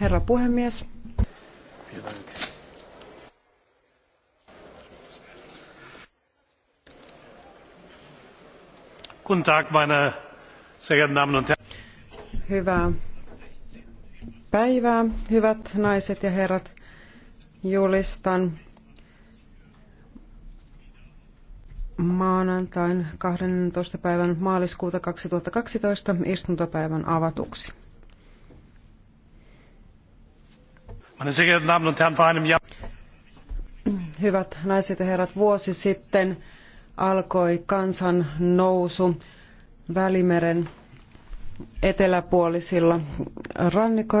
Herra puhemies. Guten Tag, meine sehr geehrten Damen und Herren. Hyvää päivää, hyvät naiset ja herrat. Julistan maanantain 12. päivän maaliskuuta 2012 istuntopäivän avatuksi. Hyvät naiset ja herrat, vuosi sitten alkoi kansan nousu Välimeren eteläpuolisilla rannikoilla.